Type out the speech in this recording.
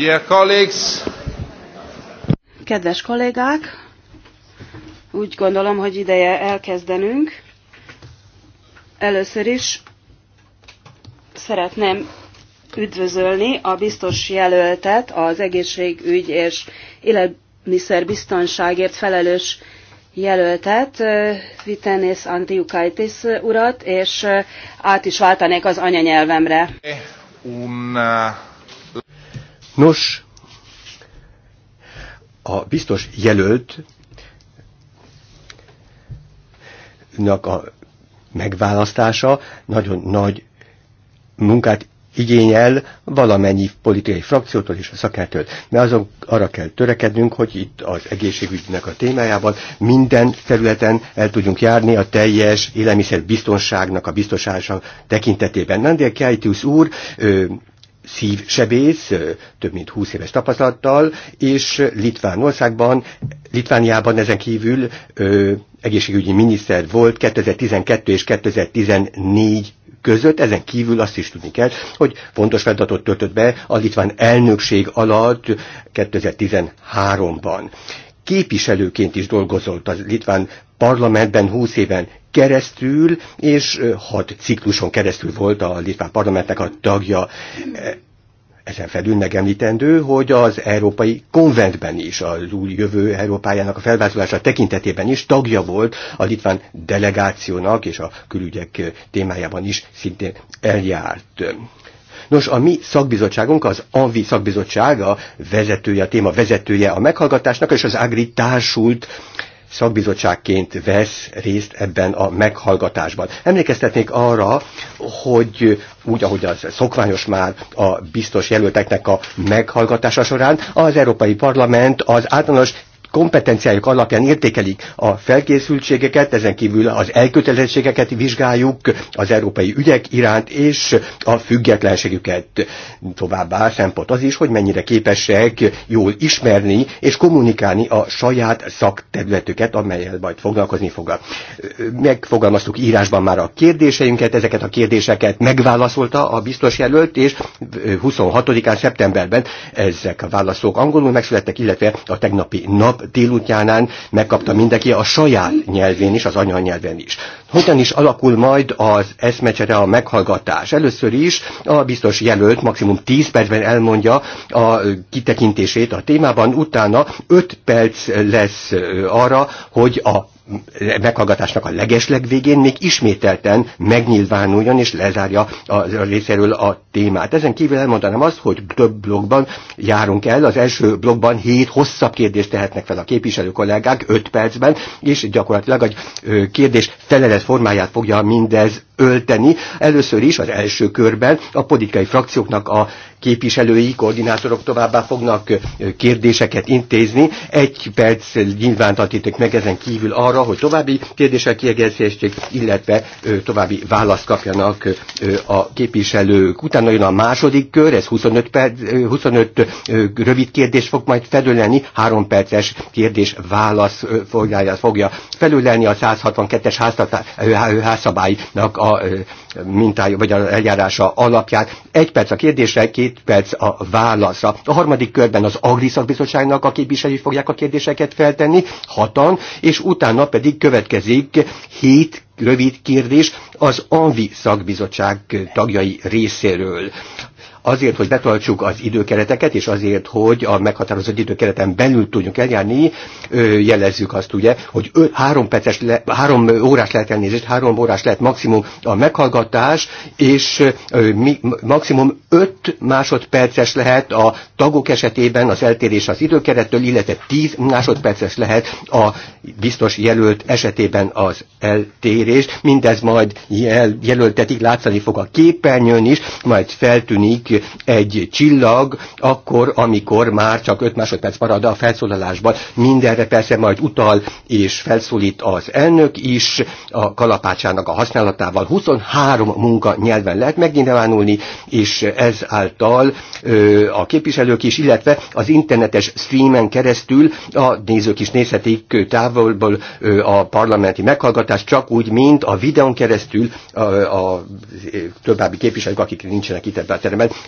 Dear colleagues. Kedves kollégák, úgy gondolom, hogy ideje elkezdenünk. Először is szeretném üdvözölni a biztos jelöltet, az egészségügy és élelmiszerbiztonságért felelős jelöltet, Vitenis Antiukaitis urat, és át is váltanék az anyanyelvemre. Una uh, Nos, a biztos jelölt a megválasztása nagyon nagy munkát igényel valamennyi politikai frakciótól és a szakértőt. Mert azon arra kell törekednünk, hogy itt az egészségügynek a témájában minden területen el tudjunk járni a teljes élelmiszer biztonságnak a biztosása tekintetében. Nandél Kejtűsz úr ö, szívsebész, több mint 20 éves tapasztalattal, és Litvánországban, Litvániában ezen kívül ö, egészségügyi miniszter volt 2012 és 2014 között, ezen kívül azt is tudni kell, hogy fontos feladatot töltött be a litván elnökség alatt 2013-ban. Képviselőként is dolgozott az litván parlamentben 20 éven keresztül, és hat cikluson keresztül volt a litván parlamentnek a tagja. Ezen felül megemlítendő, hogy az Európai Konventben is, az új jövő Európájának a felvázolása tekintetében is tagja volt a litván delegációnak, és a külügyek témájában is szintén eljárt. Nos, a mi szakbizottságunk, az ANVI szakbizottsága vezetője, a téma vezetője a meghallgatásnak, és az Ágri társult szakbizottságként vesz részt ebben a meghallgatásban. Emlékeztetnék arra, hogy úgy, ahogy az szokványos már a biztos jelölteknek a meghallgatása során, az Európai Parlament az általános kompetenciájuk alapján értékelik a felkészültségeket, ezen kívül az elkötelezettségeket vizsgáljuk az európai ügyek iránt, és a függetlenségüket. Továbbá szempont az is, hogy mennyire képesek jól ismerni és kommunikálni a saját szakterületüket, amelyel majd foglalkozni fog. Megfogalmaztuk írásban már a kérdéseinket, ezeket a kérdéseket megválaszolta a biztos jelölt, és 26 szeptemberben ezek a válaszok angolul megszülettek, illetve a tegnapi nap nap délutánán megkapta mindenki a saját nyelvén is, az anyanyelven is. Hogyan is alakul majd az eszmecsere a meghallgatás? Először is a biztos jelölt maximum 10 percben elmondja a kitekintését a témában, utána 5 perc lesz arra, hogy a meghallgatásnak a legesleg végén még ismételten megnyilvánuljon és lezárja a részéről a témát. Ezen kívül elmondanám azt, hogy több blogban járunk el. Az első blogban hét hosszabb kérdést tehetnek fel a képviselő kollégák 5 percben, és gyakorlatilag egy kérdés felelet formáját fogja mindez ölteni. Először is az első körben a politikai frakcióknak a képviselői, koordinátorok továbbá fognak kérdéseket intézni. Egy perc nyilvántartítok meg ezen kívül arra, hogy további kérdések kiegészítsék, illetve további választ kapjanak a képviselők. Utána jön a második kör, ez 25, perc, 25 rövid kérdés fog majd felölelni, három perces kérdés válasz fogja felülni a 162-es házszabálynak a mintája, vagy az eljárása alapját. Egy perc a kérdésre, két perc a válaszra. A harmadik körben az Agriszakbizottságnak a képviselői fogják a kérdéseket feltenni, hatan, és utána pedig következik hét rövid kérdés az ANVI szakbizottság tagjai részéről azért, hogy betartsuk az időkereteket, és azért, hogy a meghatározott időkereten belül tudjunk eljárni, jelezzük azt ugye, hogy 3 perces, le, 3 órás lehet elnézést, 3 órás lehet maximum a meghallgatás, és mi, maximum 5 másodperces lehet a tagok esetében az eltérés az időkerettől, illetve 10 másodperces lehet a biztos jelölt esetében az eltérés. Mindez majd jel, jelöltetik, látszani fog a képernyőn is, majd feltűnik egy csillag, akkor, amikor már csak 5 másodperc marad a felszólalásban. Mindenre persze majd utal és felszólít az elnök is a kalapácsának a használatával. 23 munka nyelven lehet megnyilvánulni, és ezáltal ö, a képviselők is, illetve az internetes streamen keresztül a nézők is nézhetik távolból ö, a parlamenti meghallgatást, csak úgy, mint a videón keresztül a, a, a további képviselők, akik nincsenek itt ebben a teremben,